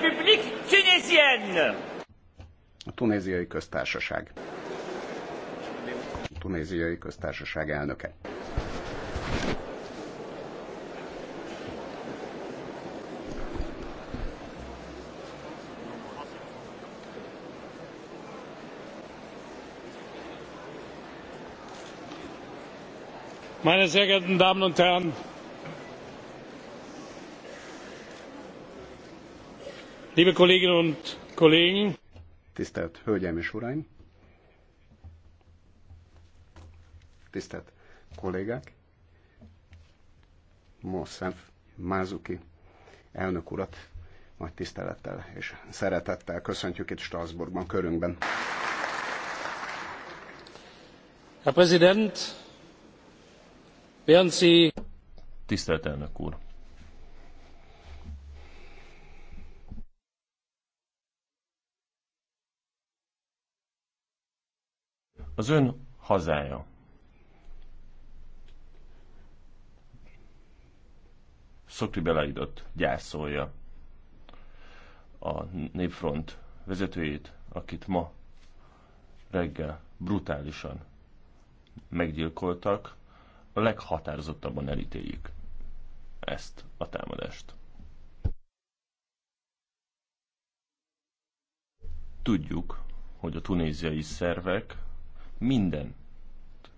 République tunisienne. A tunéziai köztársaság. A tunéziai köztársaság elnöke. Meine sehr geehrten Damen und Herren, Liebe Kolleginnen und Kollegen! Tisztelt Hölgyeim és Uraim! Tisztelt kollégák! Mosszev Mázuki elnök urat nagy tisztelettel és szeretettel köszöntjük itt Strasbourgban körünkben. Herr Präsident, während Sie... Tisztelt elnök úr! Az ön hazája. Szokri Belaidot gyászolja a Népfront vezetőjét, akit ma reggel brutálisan meggyilkoltak, a leghatározottabban elítéljük ezt a támadást. Tudjuk, hogy a tunéziai szervek minden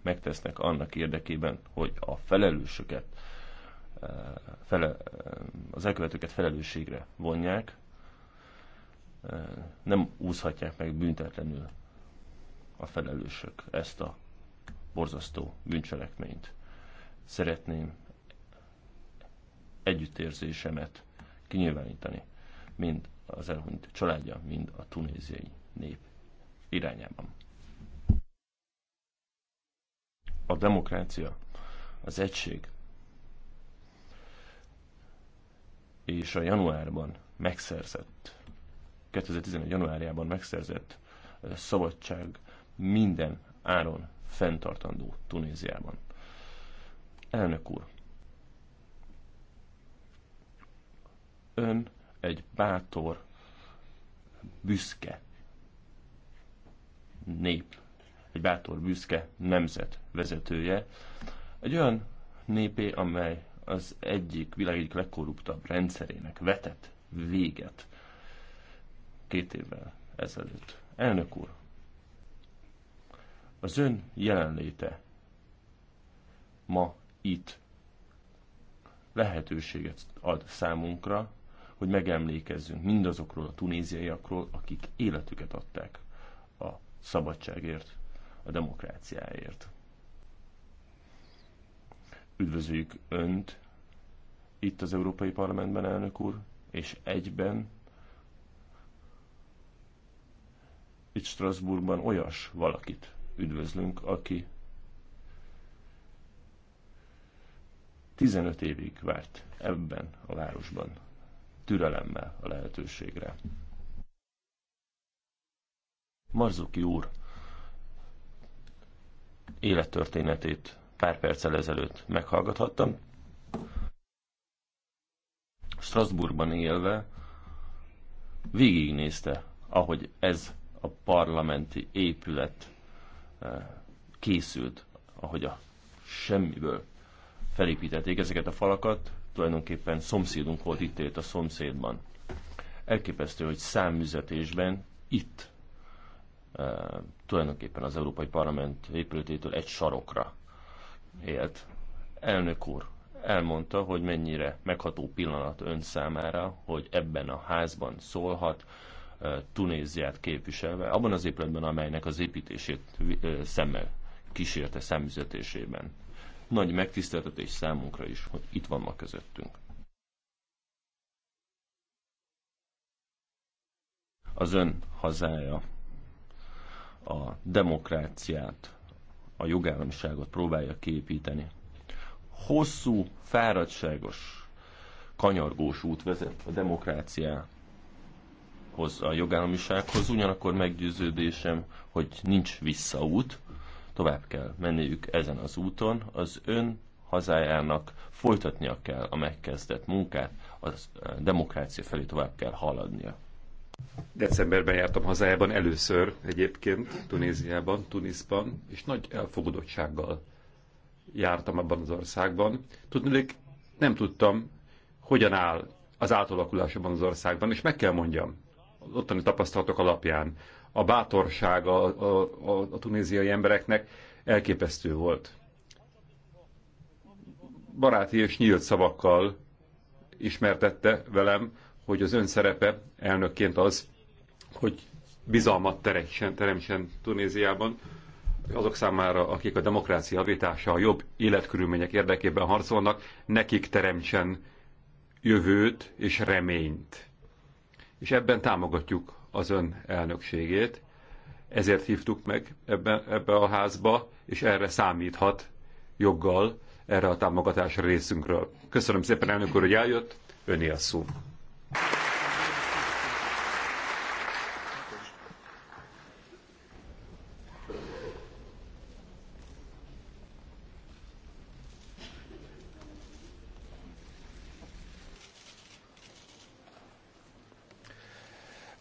megtesznek annak érdekében, hogy a felelősöket, eh, fele, eh, az elkövetőket felelősségre vonják, eh, nem úszhatják meg büntetlenül a felelősök ezt a borzasztó bűncselekményt. Szeretném együttérzésemet kinyilvánítani mind az elhunyt családja, mind a tunéziai nép irányában a demokrácia, az egység és a januárban megszerzett, 2011. januárjában megszerzett eh, szabadság minden áron fenntartandó Tunéziában. Elnök úr, ön egy bátor, büszke nép egy bátor, büszke nemzet vezetője, egy olyan népé, amely az egyik világ egyik legkorruptabb rendszerének vetett véget két évvel ezelőtt. Elnök úr, az ön jelenléte ma itt lehetőséget ad számunkra, hogy megemlékezzünk mindazokról a tunéziaiakról, akik életüket adták a szabadságért, a demokráciáért. Üdvözlőjük Önt itt az Európai Parlamentben, elnök úr, és egyben itt Strasbourgban olyas valakit üdvözlünk, aki 15 évig várt ebben a városban türelemmel a lehetőségre. Marzuki úr, élettörténetét pár perccel ezelőtt meghallgathattam. Strasbourgban élve végignézte, ahogy ez a parlamenti épület eh, készült, ahogy a semmiből felépítették ezeket a falakat, tulajdonképpen szomszédunk volt itt élt a szomszédban. Elképesztő, hogy számüzetésben itt tulajdonképpen az Európai Parlament épületétől egy sarokra élt. Elnök úr elmondta, hogy mennyire megható pillanat ön számára, hogy ebben a házban szólhat, Tunéziát képviselve, abban az épületben, amelynek az építését szemmel kísérte szemüzetésében. Nagy megtiszteltetés számunkra is, hogy itt van ma közöttünk. Az ön hazája a demokráciát, a jogállamiságot próbálja kiépíteni. Hosszú, fáradtságos, kanyargós út vezet a demokráciához, a jogállamisághoz, ugyanakkor meggyőződésem, hogy nincs visszaút, tovább kell menniük ezen az úton, az ön hazájának folytatnia kell a megkezdett munkát, a demokrácia felé tovább kell haladnia. Decemberben jártam hazájában először egyébként, Tunéziában, Tuniszban, és nagy elfogadottsággal jártam abban az országban. Tudnék, nem tudtam, hogyan áll az átalakulás abban az országban, és meg kell mondjam, az ottani tapasztalatok alapján, a bátorsága a, a, a tunéziai embereknek elképesztő volt. Baráti és nyílt szavakkal ismertette velem, hogy az ön szerepe elnökként az, hogy bizalmat teremtsen, teremtsen Tunéziában azok számára, akik a demokrácia javítása, a jobb életkörülmények érdekében harcolnak, nekik teremtsen jövőt és reményt. És ebben támogatjuk az ön elnökségét, ezért hívtuk meg ebbe, ebbe a házba, és erre számíthat joggal, erre a támogatásra részünkről. Köszönöm szépen, elnök úr, hogy eljött, öné a szó.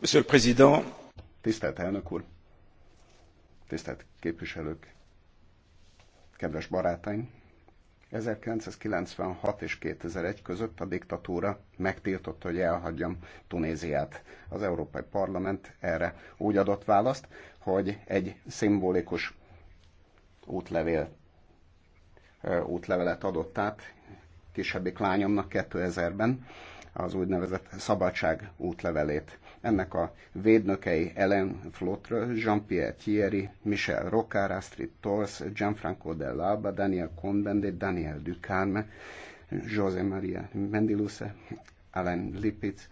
Monsieur le Président. Tisztelt elnök úr, tisztelt képviselők, kedves barátaim! 1996 és 2001 között a diktatúra megtiltotta, hogy elhagyjam Tunéziát. Az Európai Parlament erre úgy adott választ, hogy egy szimbolikus útlevél, útlevelet adott át kisebbik lányomnak 2000-ben, az úgynevezett szabadság útlevelét. Ennek a védnökei Ellen Flotre, Jean-Pierre Thierry, Michel Rocard, Astrid Tors, Gianfranco Dell'Alba, Daniel Cohn-Bendit, Daniel Ducarme, José Maria Mendiluce, Alain Lipitz,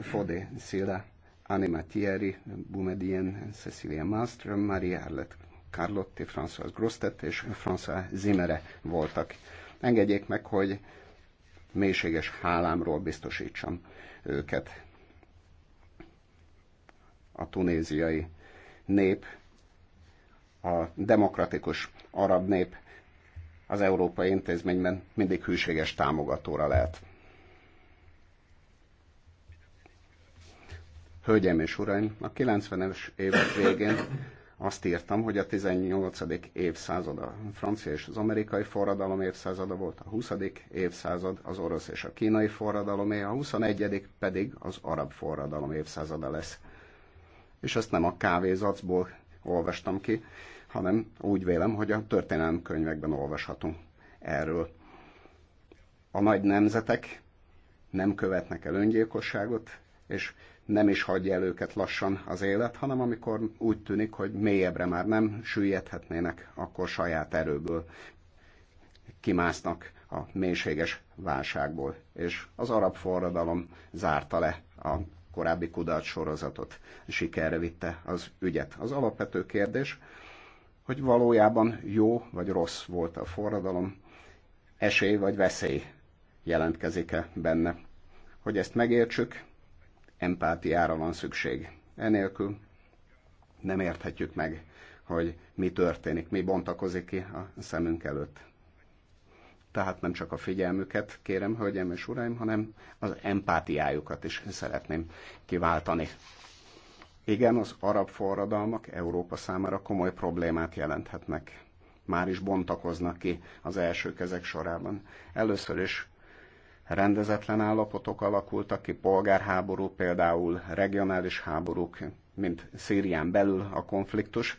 Fodé Szila, Anima Thierry, Boumedien, Cecilia Malmström, Maria Arlette Carlotti, François Grostet és François Zimere voltak. Engedjék meg, hogy mélységes hálámról biztosítsam őket. A tunéziai nép, a demokratikus arab nép az európai intézményben mindig hűséges támogatóra lehet. Hölgyeim és uraim, a 90-es évek végén azt írtam, hogy a 18. évszázad a francia és az amerikai forradalom évszázada volt, a 20. évszázad az orosz és a kínai forradalomé, a 21. pedig az arab forradalom évszázada lesz. És ezt nem a kávézacból olvastam ki, hanem úgy vélem, hogy a történelmi könyvekben olvashatunk erről. A nagy nemzetek nem követnek el öngyilkosságot, és nem is hagyja el őket lassan az élet, hanem amikor úgy tűnik, hogy mélyebbre már nem süllyedhetnének, akkor saját erőből kimásznak a mélységes válságból. És az arab forradalom zárta le a korábbi kudarc sorozatot, sikerre vitte az ügyet. Az alapvető kérdés, hogy valójában jó vagy rossz volt a forradalom, esély vagy veszély jelentkezik-e benne. Hogy ezt megértsük, empátiára van szükség. Enélkül nem érthetjük meg, hogy mi történik, mi bontakozik ki a szemünk előtt. Tehát nem csak a figyelmüket kérem, hölgyeim és uraim, hanem az empátiájukat is szeretném kiváltani. Igen, az arab forradalmak Európa számára komoly problémát jelenthetnek. Már is bontakoznak ki az első kezek sorában. Először is rendezetlen állapotok alakultak ki, polgárháború, például regionális háborúk, mint Szírián belül a konfliktus.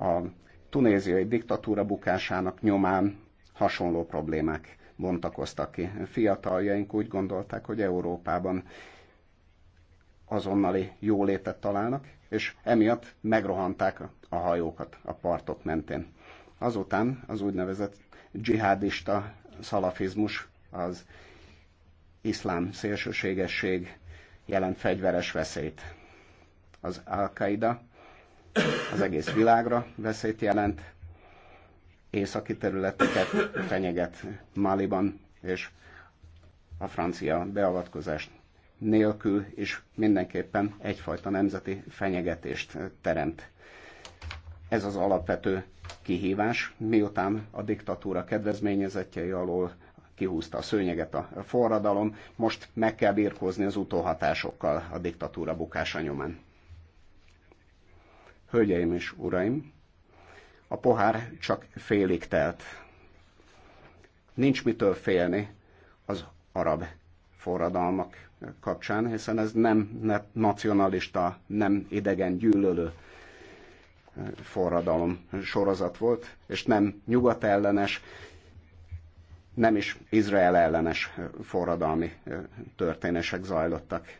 A tunéziai diktatúra bukásának nyomán hasonló problémák bontakoztak ki. Fiataljaink úgy gondolták, hogy Európában azonnali jólétet találnak, és emiatt megrohanták a hajókat a partok mentén. Azután az úgynevezett dzsihádista szalafizmus, az iszlám szélsőségesség jelent fegyveres veszélyt. Az Al-Qaida az egész világra veszélyt jelent, északi területeket fenyeget Maliban, és a francia beavatkozás nélkül is mindenképpen egyfajta nemzeti fenyegetést teremt ez az alapvető kihívás, miután a diktatúra kedvezményezettjei alól kihúzta a szőnyeget a forradalom, most meg kell birkózni az utóhatásokkal a diktatúra bukása nyomán. Hölgyeim és uraim, a pohár csak félig telt. Nincs mitől félni az arab forradalmak kapcsán, hiszen ez nem nacionalista, nem idegen gyűlölő forradalom sorozat volt, és nem nyugat ellenes, nem is Izrael ellenes forradalmi történések zajlottak.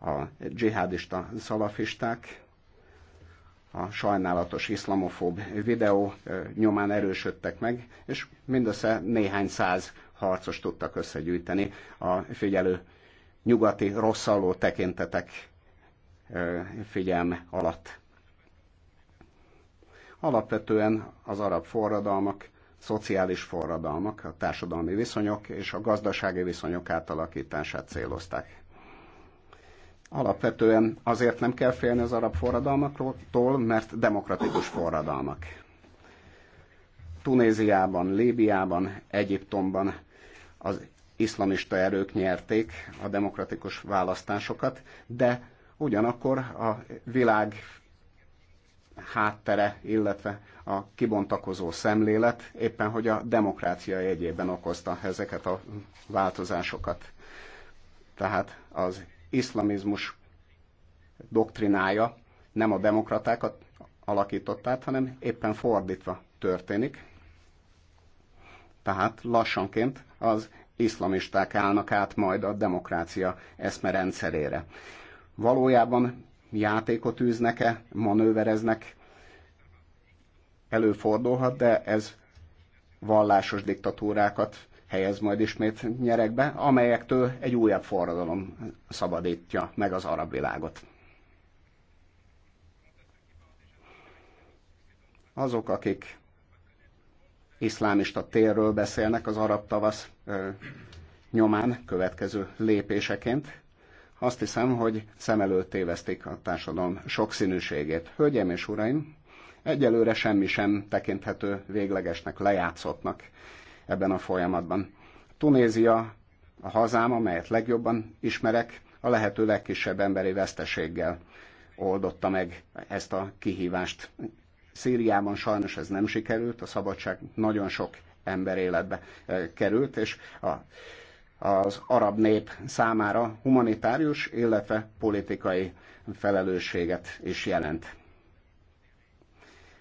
A dzsihadista szalafisták a sajnálatos iszlamofób videó nyomán erősödtek meg, és mindössze néhány száz harcos tudtak összegyűjteni a figyelő nyugati rosszalló tekintetek figyelme alatt. Alapvetően az arab forradalmak, szociális forradalmak, a társadalmi viszonyok és a gazdasági viszonyok átalakítását célozták. Alapvetően azért nem kell félni az arab forradalmaktól, mert demokratikus forradalmak. Tunéziában, Líbiában, Egyiptomban az iszlamista erők nyerték a demokratikus választásokat, de ugyanakkor a világ háttere, illetve a kibontakozó szemlélet éppen, hogy a demokrácia jegyében okozta ezeket a változásokat. Tehát az iszlamizmus doktrinája nem a demokratákat alakított át, hanem éppen fordítva történik. Tehát lassanként az iszlamisták állnak át majd a demokrácia eszmerendszerére. Valójában játékot űznek-e, manővereznek, előfordulhat, de ez vallásos diktatúrákat helyez majd ismét nyerekbe, amelyektől egy újabb forradalom szabadítja meg az arab világot. Azok, akik iszlámista térről beszélnek az arab tavasz ö, nyomán következő lépéseként, azt hiszem, hogy szem előtt tévezték a társadalom sokszínűségét. Hölgyeim és uraim, egyelőre semmi sem tekinthető véglegesnek, lejátszottnak ebben a folyamatban. Tunézia a hazám, amelyet legjobban ismerek, a lehető legkisebb emberi veszteséggel oldotta meg ezt a kihívást. Szíriában sajnos ez nem sikerült, a szabadság nagyon sok ember életbe eh, került, és a az arab nép számára humanitárius, illetve politikai felelősséget is jelent.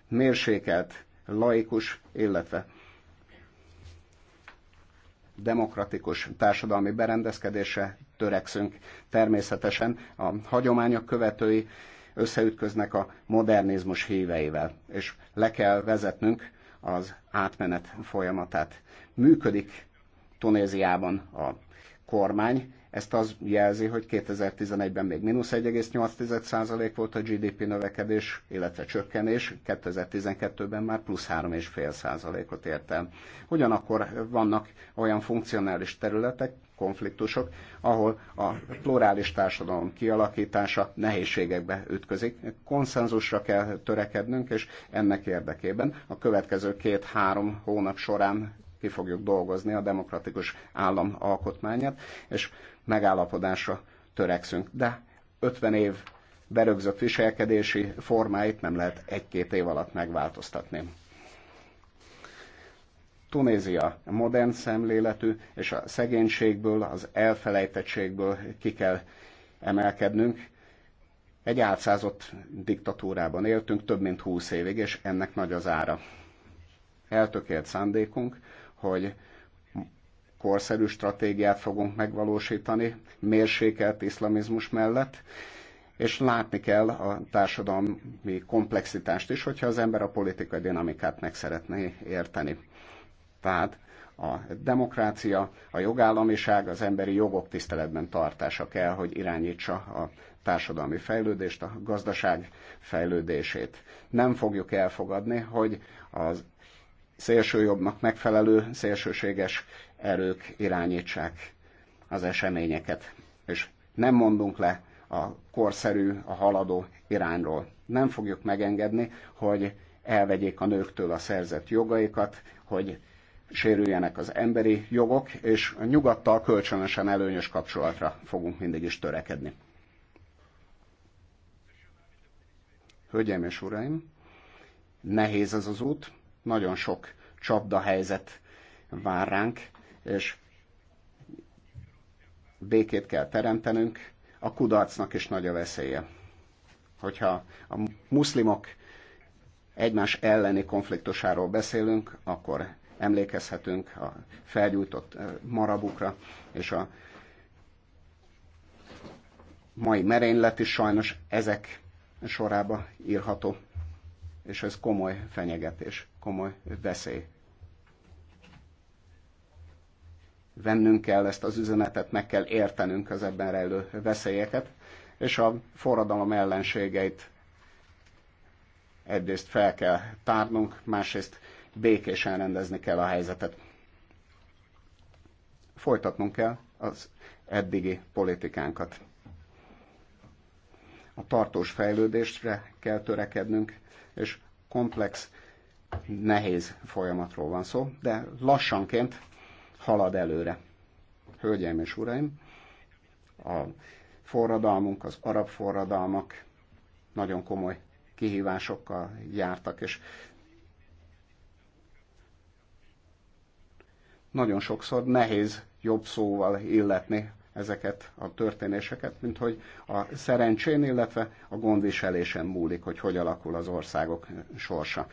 Mérsékelt, laikus, illetve demokratikus társadalmi berendezkedése törekszünk. Természetesen a hagyományok követői összeütköznek a modernizmus híveivel, és le kell vezetnünk az átmenet folyamatát. Működik Tunéziában a kormány. Ezt az jelzi, hogy 2011-ben még mínusz 1,8% volt a GDP növekedés, illetve csökkenés, 2012-ben már plusz 3,5%-ot ért el. Ugyanakkor vannak olyan funkcionális területek, konfliktusok, ahol a plurális társadalom kialakítása nehézségekbe ütközik. Konszenzusra kell törekednünk, és ennek érdekében a következő két-három hónap során ki fogjuk dolgozni a demokratikus állam alkotmányát, és megállapodásra törekszünk. De 50 év berögzött viselkedési formáit nem lehet egy-két év alatt megváltoztatni. Tunézia modern szemléletű, és a szegénységből, az elfelejtettségből ki kell emelkednünk. Egy álcázott diktatúrában éltünk több mint húsz évig, és ennek nagy az ára. Eltökélt szándékunk, hogy korszerű stratégiát fogunk megvalósítani, mérsékelt iszlamizmus mellett, és látni kell a társadalmi komplexitást is, hogyha az ember a politikai dinamikát meg szeretné érteni. Tehát a demokrácia, a jogállamiság, az emberi jogok tiszteletben tartása kell, hogy irányítsa a társadalmi fejlődést, a gazdaság fejlődését. Nem fogjuk elfogadni, hogy az szélsőjobbnak megfelelő szélsőséges erők irányítsák az eseményeket. És nem mondunk le a korszerű, a haladó irányról. Nem fogjuk megengedni, hogy elvegyék a nőktől a szerzett jogaikat, hogy sérüljenek az emberi jogok, és a nyugattal kölcsönösen előnyös kapcsolatra fogunk mindig is törekedni. Hölgyeim és uraim, nehéz ez az út, nagyon sok csapdahelyzet vár ránk, és békét kell teremtenünk, a kudarcnak is nagy a veszélye. Hogyha a muszlimok egymás elleni konfliktusáról beszélünk, akkor emlékezhetünk a felgyújtott marabukra, és a mai merénylet is sajnos ezek sorába írható és ez komoly fenyegetés, komoly veszély. Vennünk kell ezt az üzenetet, meg kell értenünk az ebben rejlő veszélyeket, és a forradalom ellenségeit egyrészt fel kell tárnunk, másrészt békésen rendezni kell a helyzetet. Folytatnunk kell az eddigi politikánkat a tartós fejlődésre kell törekednünk, és komplex, nehéz folyamatról van szó, de lassanként halad előre. Hölgyeim és uraim, a forradalmunk, az arab forradalmak nagyon komoly kihívásokkal jártak, és nagyon sokszor nehéz jobb szóval illetni ezeket a történéseket, mint hogy a szerencsén, illetve a gondviselésen múlik, hogy hogy alakul az országok sorsa.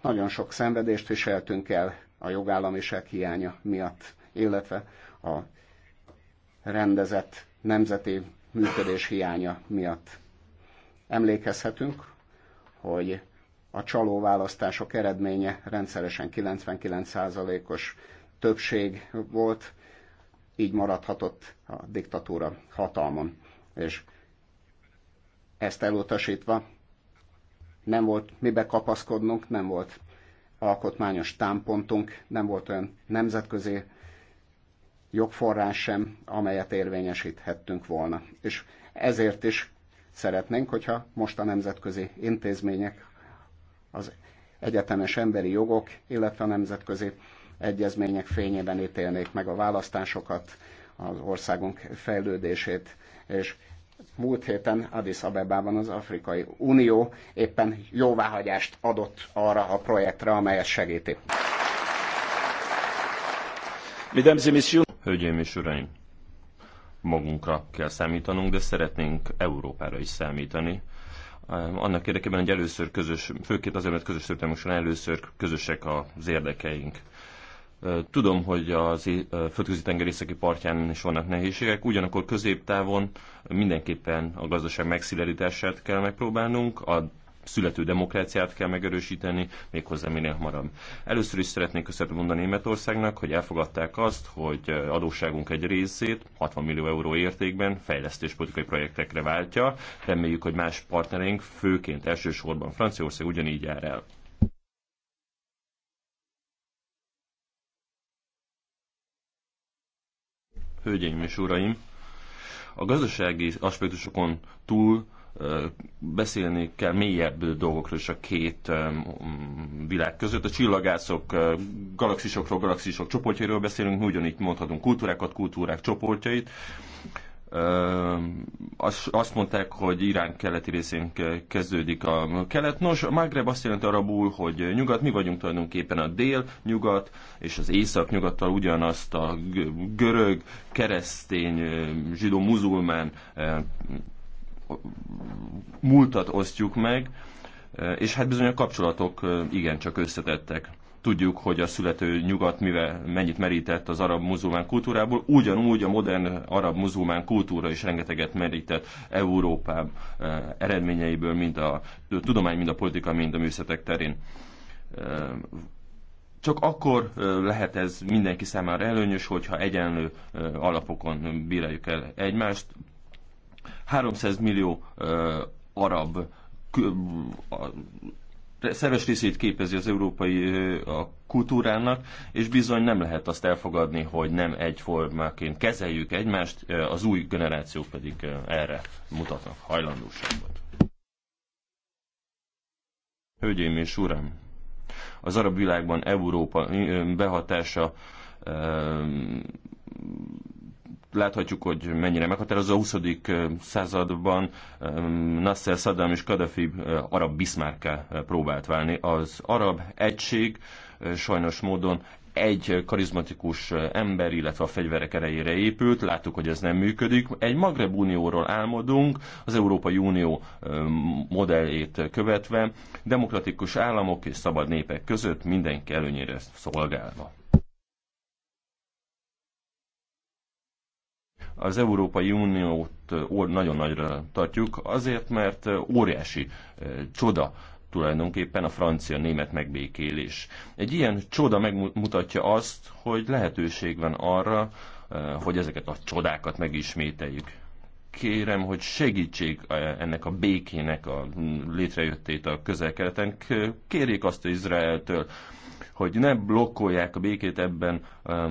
Nagyon sok szenvedést viseltünk el a jogállamiság hiánya miatt, illetve a rendezett nemzeti működés hiánya miatt. Emlékezhetünk, hogy a csaló választások eredménye rendszeresen 99%-os többség volt, így maradhatott a diktatúra hatalmon. És ezt elutasítva nem volt mibe kapaszkodnunk, nem volt alkotmányos támpontunk, nem volt olyan nemzetközi jogforrás sem, amelyet érvényesíthettünk volna. És ezért is szeretnénk, hogyha most a nemzetközi intézmények, az egyetemes emberi jogok, illetve a nemzetközi egyezmények fényében ítélnék meg a választásokat, az országunk fejlődését, és múlt héten Addis Abebában az Afrikai Unió éppen jóváhagyást adott arra a projektre, amelyet segíti. Hölgyeim és Uraim! Magunkra kell számítanunk, de szeretnénk Európára is számítani. Annak érdekében, hogy először közös, főként azért, mert közös történelmünk először közösek az érdekeink. Tudom, hogy az földközi tengerészeki partján is vannak nehézségek, ugyanakkor középtávon mindenképpen a gazdaság megszilárdítását kell megpróbálnunk, a születő demokráciát kell megerősíteni, méghozzá minél hamarabb. Először is szeretnék köszönet mondani Németországnak, hogy elfogadták azt, hogy adósságunk egy részét 60 millió euró értékben fejlesztéspolitikai projektekre váltja. Reméljük, hogy más partnereink, főként elsősorban Franciaország ugyanígy jár el. Hölgyeim és uraim, a gazdasági aspektusokon túl beszélni kell mélyebb dolgokról is a két világ között. A csillagászok, galaxisokról, galaxisok csoportjairól beszélünk, ugyanígy mondhatunk kultúrákat, kultúrák csoportjait azt mondták, hogy Irán keleti részén kezdődik a kelet. Nos, a Magreb azt jelenti arabul, hogy nyugat, mi vagyunk tulajdonképpen a dél, nyugat, és az észak nyugattal ugyanazt a görög, keresztény, zsidó, muzulmán múltat osztjuk meg, és hát bizony a kapcsolatok igencsak összetettek. Tudjuk, hogy a születő nyugat mivel mennyit merített az arab-muzulmán kultúrából, ugyanúgy a modern arab-muzulmán kultúra is rengeteget merített Európá eh, eredményeiből, mind a tudomány, mind a politika, mind a műszetek terén eh, csak akkor eh, lehet ez mindenki számára előnyös, hogyha egyenlő alapokon bíráljuk el egymást. 300 millió arab szerves részét képezi az európai a kultúrának, és bizony nem lehet azt elfogadni, hogy nem egyformaként kezeljük egymást, az új generációk pedig erre mutatnak hajlandóságot. Hölgyeim és uram, az arab világban Európa behatása láthatjuk, hogy mennyire meghatározó. A 20. században Nasser Saddam és Kadhafi arab bismárká próbált válni. Az arab egység sajnos módon egy karizmatikus ember, illetve a fegyverek erejére épült, láttuk, hogy ez nem működik. Egy Magreb Unióról álmodunk, az Európai Unió modellét követve, demokratikus államok és szabad népek között mindenki előnyére szolgálva. az Európai Uniót nagyon nagyra tartjuk, azért, mert óriási csoda tulajdonképpen a francia-német megbékélés. Egy ilyen csoda megmutatja azt, hogy lehetőség van arra, hogy ezeket a csodákat megismételjük. Kérem, hogy segítsék ennek a békének a létrejöttét a közel-keleten. Kérjék azt Izraeltől, hogy ne blokkolják a békét ebben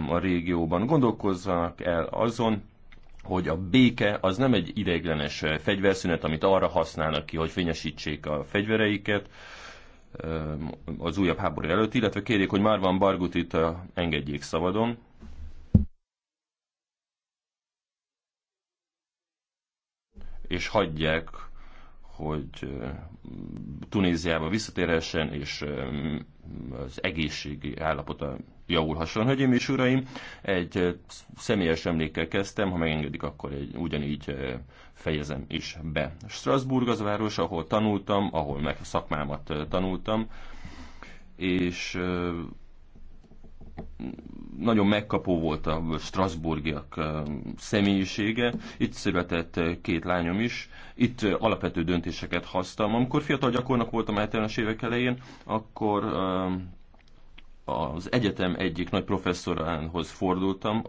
a régióban. Gondolkozzanak el azon, hogy a béke az nem egy ideiglenes fegyverszünet, amit arra használnak ki, hogy fényesítsék a fegyvereiket az újabb háború előtt, illetve kérjék, hogy már van itt, engedjék szabadon. És hagyják, hogy Tunéziába visszatérhessen, és az egészségi állapota javulhasson. Hölgyeim és uraim, egy személyes emlékkel kezdtem, ha megengedik, akkor egy, ugyanígy fejezem is be. Strasbourg az város, ahol tanultam, ahol meg a szakmámat tanultam, és nagyon megkapó volt a Strasbourgiak személyisége. Itt született két lányom is. Itt alapvető döntéseket hoztam. Amikor fiatal gyakornak voltam általános évek elején, akkor az egyetem egyik nagy professzorához fordultam,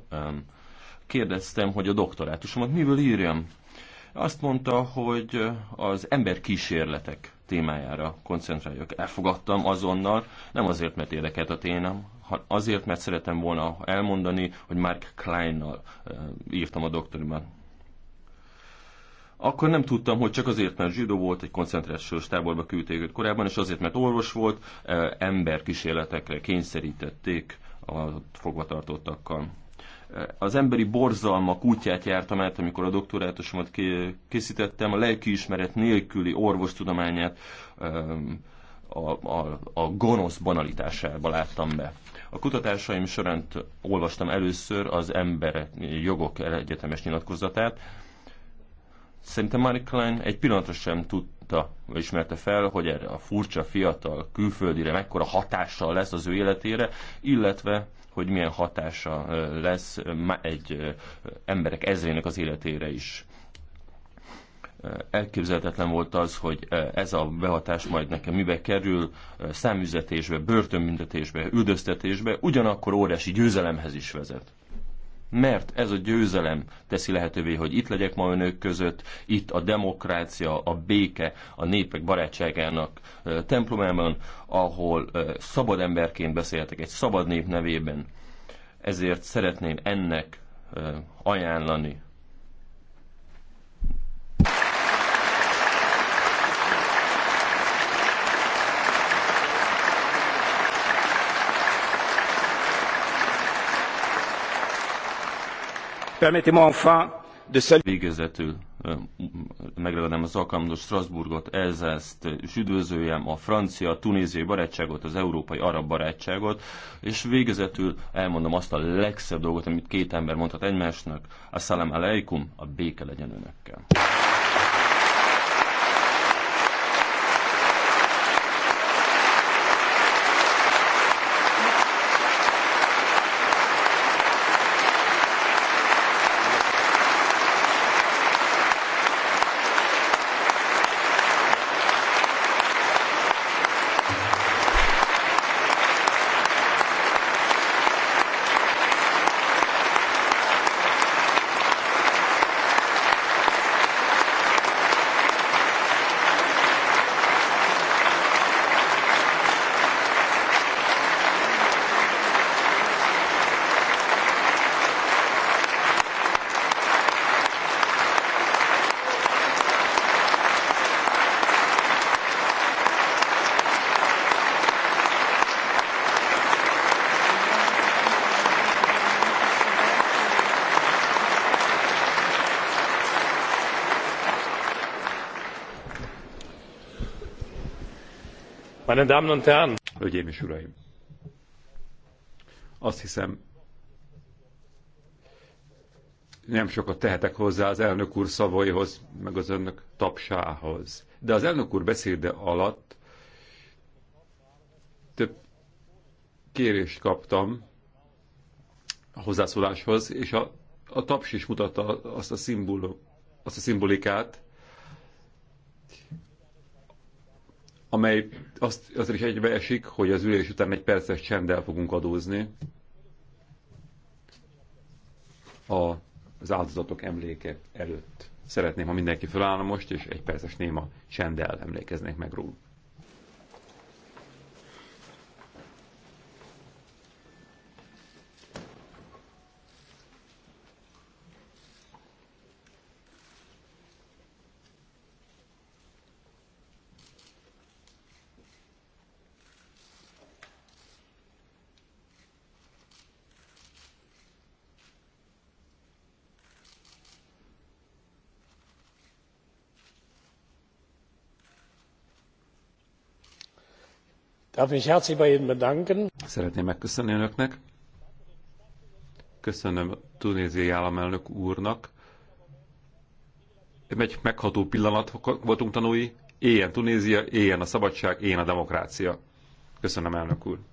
kérdeztem, hogy a doktorátusomat miből írjam. Azt mondta, hogy az ember kísérletek témájára koncentráljak. Elfogadtam azonnal, nem azért, mert érdekelt a témám, azért, mert szeretem volna elmondani, hogy Mark Kleinnal írtam a doktorimat. Akkor nem tudtam, hogy csak azért, mert zsidó volt, egy koncentrációs táborba küldték őt korábban, és azért, mert orvos volt, emberkísérletekre kényszerítették a fogvatartottakkal az emberi borzalmak útját jártam át, amikor a doktorátusomat készítettem, a lelkiismeret nélküli orvostudományát a, a, a gonosz banalitásába láttam be. A kutatásaim során olvastam először az ember jogok egyetemes nyilatkozatát, Szerintem Marie Klein egy pillanatra sem tudta, vagy ismerte fel, hogy erre a furcsa fiatal külföldire mekkora hatással lesz az ő életére, illetve hogy milyen hatása lesz egy emberek ezrének az életére is. Elképzelhetetlen volt az, hogy ez a behatás majd nekem mibe kerül, számüzetésbe, börtönbüntetésbe, üldöztetésbe, ugyanakkor óriási győzelemhez is vezet mert ez a győzelem teszi lehetővé, hogy itt legyek ma önök között, itt a demokrácia, a béke, a népek barátságának templomában, ahol szabad emberként beszéltek egy szabad nép nevében. Ezért szeretném ennek ajánlani Permettez-moi enfin de saluer... Végezetül megragadnám az alkalmat, Strasbourgot, Elzászt, üdvözöljem a francia, tunéziai barátságot, az európai arab barátságot, és végezetül elmondom azt a legszebb dolgot, amit két ember mondhat egymásnak, a salam aleikum, a béke legyen önökkel. Meine Damen und Herren! Hölgyeim és Uraim! Azt hiszem, nem sokat tehetek hozzá az elnök úr szavaihoz, meg az önök tapsához. De az elnök úr beszéde alatt több kérést kaptam a hozzászóláshoz, és a, a taps is mutatta azt a, szimbólum, azt a szimbolikát, amely azt, azért is esik, hogy az ülés után egy perces csenddel fogunk adózni a, az áldozatok emléke előtt. Szeretném, ha mindenki felállna most, és egy perces néma csenddel emlékeznék meg róla. Darf mich herzlich bei Ihnen bedanken. Szeretném megköszönni Önöknek. Köszönöm Tunéziai államelnök úrnak. Egy megható pillanat voltunk tanúi. Éljen Tunézia, éljen a szabadság, éljen a demokrácia. Köszönöm, elnök úr.